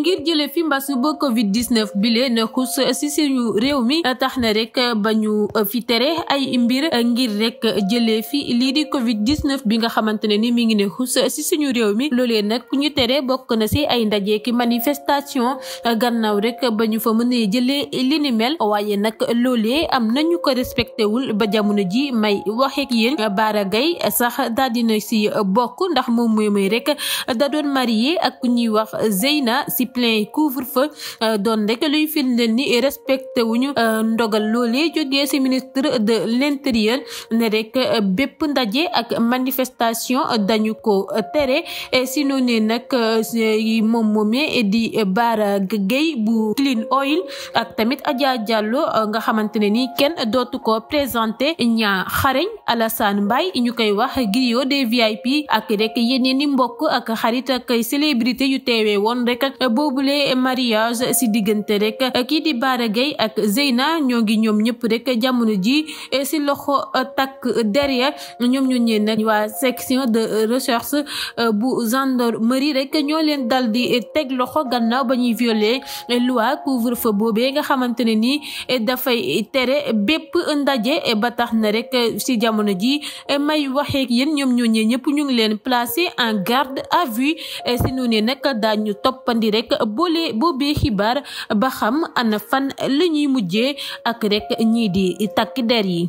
ngir jëlee fi mbasu ba Covid 19 bile ne xus si suñu réew mi tax na rek ba ñu fi tere ay mbir ngir rek jëlee fi lii di Covid 19 bi nga xamante ne ni mu ngi ne xus si suñu réew mi loolee nag ku ñu tere bokk na si ay ndaje ki manifestation gannaaw rek ba ñu fa mën a jëlee linimel waaye nag loolee am nañu ko respecté wul ba jamono ji may waxeek ak yéen Bara Gaye sax daal dina si bokk ndax moom mooy rek da doon ak ku ñuy wax Zeyna si plein yi couvre-feu euh, doon rek luy firndeel ni respecté wuñu euh, ndogal loolee jógee ci ministre de l'intérieur ne rek euh, bépp ndaje ak manifestation dañu ko tere si ne nag moom moomee di Bara Gueye bu Clean Oil ak tamit Adja Diallo nga xamante ne ni kenn dootu ko présenté ñaa xareñ Alassane Mbaye ñu koy wax griot des VIP ak rek yeneen i mbokk ak xarit ak célébrité yu teewee woon rek boobule mariage si diggante rek kii di Bara Gaye ak Zeyna ñoo ngi ñoom ñëpp rek jamono ji si loxo takk derrière ñoom ñu ñeen nag waa section de recherche euh, bu gendarmerie rek ñoo leen dal di teg loxo gannaaw ba ñuy violer loi couvre-feu boobee nga xamante ne nii dafay tere bépp ndaje ba tax na rek si jamono ji may waxee ak yéen ñoom ñoo ñee ñëpp ñu ngi leen placer en garde à vue si nu ne nag daañu toppandi rek boole boo boobee xibaar ba xam ana fan la ñuy mujjee ak rek ñii di takk der yi.